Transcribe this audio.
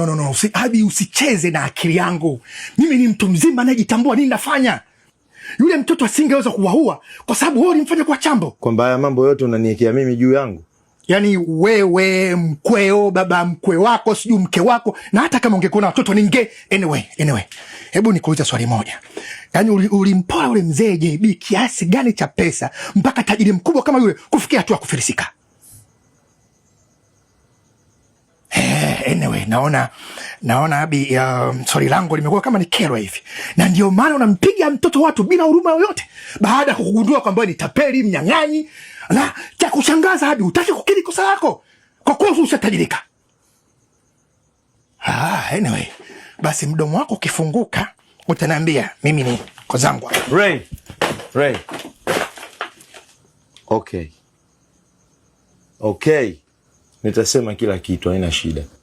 No, no, no. Usi, hadi usicheze na akili yangu. Mimi ni mtu mzima anayejitambua nini nafanya. Yule mtoto asingeweza kuwaua kwa sababu wewe ulimfanya kwa chambo. Kwa mbaya mambo yote unaniekea mimi juu yangu. Yaani wewe mkweo, baba mkwe wako, sijui mke wako na hata kama ungekuwa na watoto ninge anyway, anyway. Hebu nikuuliza swali moja. Yaani ulimpoa ule mzee JB kiasi gani cha pesa mpaka tajiri mkubwa kama yule kufikia hatua kufilisika? anyway, naona naona Abi, um, swali langu limekuwa kama ni kero hivi, na ndio maana unampiga mtoto watu bila huruma yoyote, baada ya kugundua kwamba ni tapeli, mnyang'anyi. Na cha kushangaza Abi, utaki kukiri kosa lako kwa kuwa ushatajirika. Ah, anyway, basi mdomo wako ukifunguka utaniambia mimi ni kozangu. Ray, Ray. Okay. Okay. Nitasema kila kitu, haina shida.